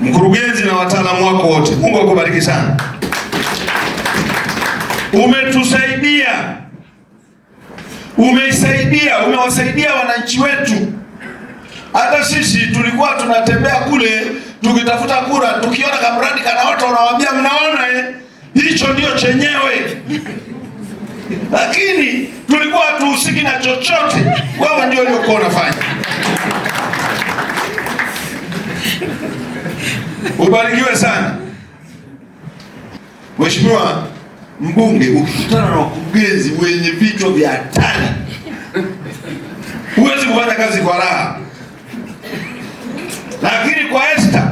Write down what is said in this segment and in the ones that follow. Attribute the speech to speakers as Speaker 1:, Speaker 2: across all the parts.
Speaker 1: mkurugenzi na wataalamu wako wote. Mungu akubariki sana, umetusaidia, umeisaidia, umewasaidia wananchi wetu. Hata sisi tulikuwa tunatembea kule tukitafuta kura, tukiona kamradi kana watu wanawaambia mnaona, eh, hicho ndio chenyewe lakini tulikuwa hatuhusiki na chochote, wao ndio waliokuwa wanafanya Ubarikiwe sana Mheshimiwa mbunge, ukikutana na wakurugenzi wenye vichwa vya hatari huwezi kufanya kazi kwa raha, lakini kwa Esther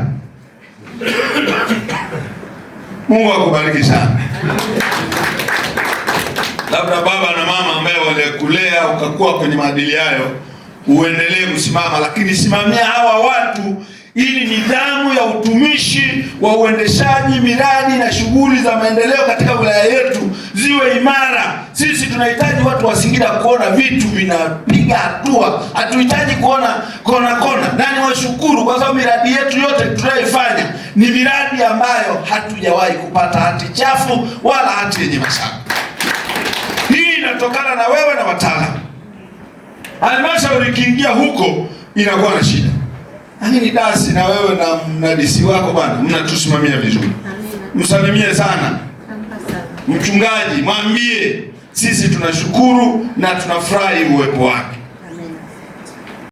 Speaker 1: Mungu akubariki sana. Labda baba na mama ambaye walikulea ukakuwa kwenye maadili hayo, uendelee kusimama, lakini simamia hawa watu ili nidhamu ya utumishi wa uendeshaji miradi na shughuli za maendeleo katika wilaya yetu ziwe imara. Sisi tunahitaji watu wa Singida kuona vitu vinapiga hatua, hatuhitaji kuona kona kona, na niwashukuru kwa sababu miradi yetu yote tunayoifanya ni miradi ambayo hatujawahi kupata hati chafu wala hati yenye mashaka. Hii inatokana na wewe na wataalamu. Halmashauri ikiingia huko inakuwa na shida lakini dasi na wewe na mnadisi wako bwana, mnatusimamia vizuri. Msalimie sana mchungaji, mwambie sisi tunashukuru na tunafurahi uwepo wake.